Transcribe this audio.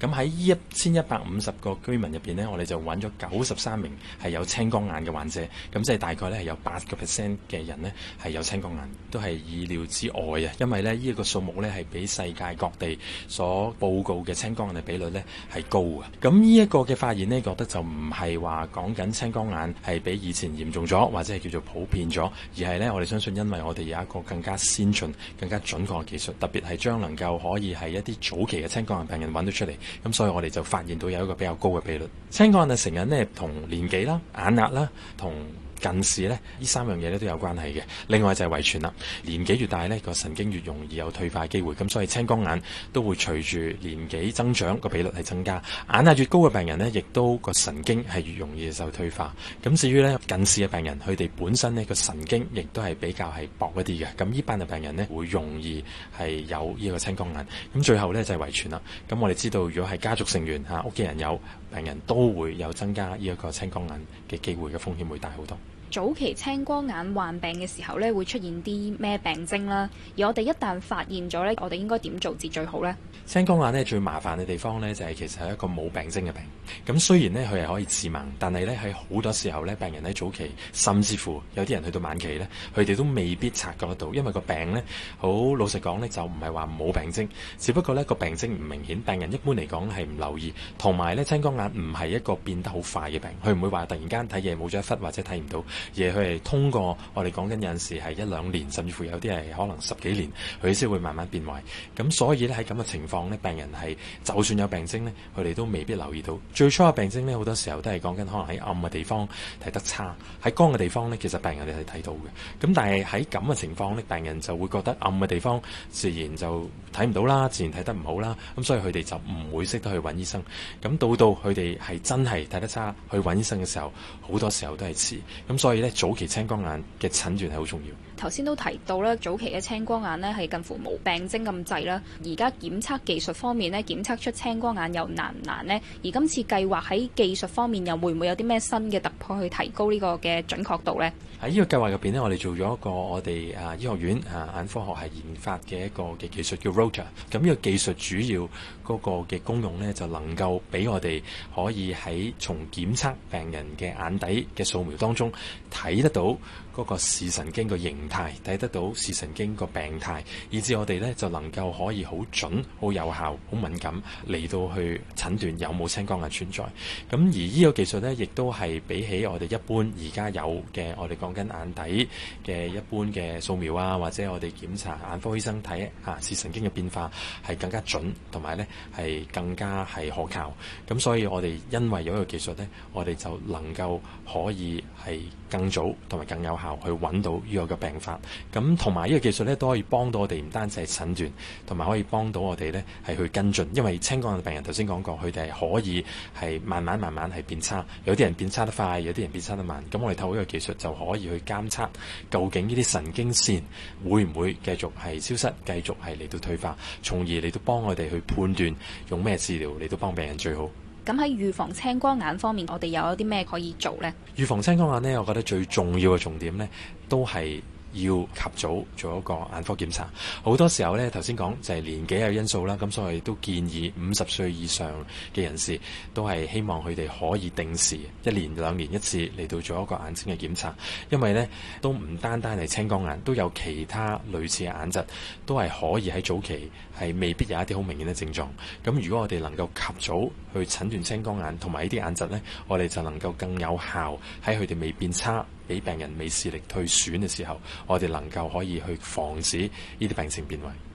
咁喺呢一千一百五十個居民入面呢，我哋就揾咗九十三名係有青光眼嘅患者，咁即係大概呢，係有八個 percent 嘅人呢係有青光眼，都係意料之外啊！因為呢，呢一個數目呢係比世界各地所報告嘅青光眼嘅比率呢係高啊。咁呢一個嘅發現呢，覺得就唔係話講緊青光眼係比以前嚴重咗，或者係叫做普遍咗，而係呢，我哋相信因為我哋有一個更加先進、更加準確嘅技術，特別係將能夠可以係一啲早期嘅青光眼病人揾到出嚟。咁、嗯、所以，我哋就發現到有一個比較高嘅比率。青光眼成因呢，同年紀啦、眼壓啦同近視呢，呢三樣嘢呢都有關係嘅。另外就係遺傳啦，年紀越大呢個神經越容易有退化嘅機會。咁所以青光眼都會隨住年紀增長個比率係增加。眼壓越高嘅病人呢，亦都個神經係越容易受退化。咁至於呢近視嘅病人，佢哋本身呢個神經亦都係比較係薄一啲嘅。咁呢班嘅病人呢，會容易係有呢個青光眼。咁最後呢，就係、是、遺傳啦。咁我哋知道，如果係家族成員屋企人有病人，都會有增加呢一個青光眼嘅機會嘅風險會大好多。早期青光眼患病嘅時候咧，會出現啲咩病徵啦、啊？而我哋一旦發現咗咧，我哋應該點做至最好呢？青光眼咧最麻煩嘅地方咧，就係、是、其實係一個冇病徵嘅病。咁雖然咧佢係可以致盲，但係咧喺好多時候咧，病人喺早期，甚至乎有啲人去到晚期咧，佢哋都未必察覺得到，因為個病咧好老實講咧，就唔係話冇病徵，只不過咧、個病徵唔明顯，病人一般嚟講係唔留意。同埋咧，青光眼唔係一個變得好快嘅病，佢唔會話突然間睇嘢冇咗一忽或者睇唔到。而佢係通過我哋講緊有陣時係一兩年，甚至乎有啲係可能十幾年，佢先會慢慢變壞。咁所以呢，喺咁嘅情況呢，病人係就算有病徵呢，佢哋都未必留意到。最初嘅病徵呢，好多時候都係講緊可能喺暗嘅地方睇得差，喺光嘅地方呢，其實病人哋係睇到嘅。咁但係喺咁嘅情況呢，病人就會覺得暗嘅地方自然就睇唔到啦，自然睇得唔好啦。咁所以佢哋就唔會識得去揾醫生。咁到到佢哋係真係睇得差去揾醫生嘅時候，好多時候都係遲。咁所所以咧，早期青光眼嘅診斷係好重要。頭先都提到啦，早期嘅青光眼呢，係近乎無病徵咁滯啦。而家檢測技術方面呢，檢測出青光眼又難唔難呢？而今次計劃喺技術方面又會唔會有啲咩新嘅突破去提高呢個嘅準確度呢？喺呢個計劃入邊呢，我哋做咗一個我哋啊醫學院啊眼科學系研發嘅一個嘅技術叫 ROTA。咁呢個技術主要嗰個嘅功用呢，就能夠俾我哋可以喺從檢測病人嘅眼底嘅掃描當中。睇得到嗰個視神經個形態，睇得到視神經個病態，以至我哋呢，就能夠可以好準、好有效、好敏感嚟到去診斷有冇青光眼存在。咁而呢個技術呢，亦都係比起我哋一般而家有嘅，我哋講緊眼底嘅一般嘅掃描啊，或者我哋檢查眼科醫生睇吓、啊、視神經嘅變化，係更加準同埋呢係更加係可靠。咁所以我哋因為有呢個技術呢，我哋就能夠可以係。更早同埋更有效去揾到呢個嘅病發，咁同埋呢個技術咧都可以幫到我哋，唔單止係診斷，同埋可以幫到我哋咧係去跟進，因為青光眼病人頭先講過，佢哋係可以係慢慢慢慢係變差，有啲人變差得快，有啲人變差得慢。咁我哋透過呢個技術就可以去監測究竟呢啲神經綫會唔會繼續係消失，繼續係嚟到退化，從而嚟到幫我哋去判斷用咩治療嚟到幫病人最好。咁喺預防青光眼方面，我哋又有啲咩可以做呢？預防青光眼呢，我覺得最重要嘅重點呢，都係，要及早做一個眼科檢查，好多時候呢，頭先講就係年紀有因素啦，咁所以都建議五十歲以上嘅人士都係希望佢哋可以定時一年兩年一次嚟到做一個眼睛嘅檢查，因為呢都唔單單係青光眼，都有其他類似嘅眼疾，都係可以喺早期係未必有一啲好明顯嘅症狀，咁如果我哋能夠及早去診斷青光眼同埋呢啲眼疾呢，我哋就能夠更有效喺佢哋未變差。俾病人未視力退損嘅時候，我哋能夠可以去防止呢啲病情變為。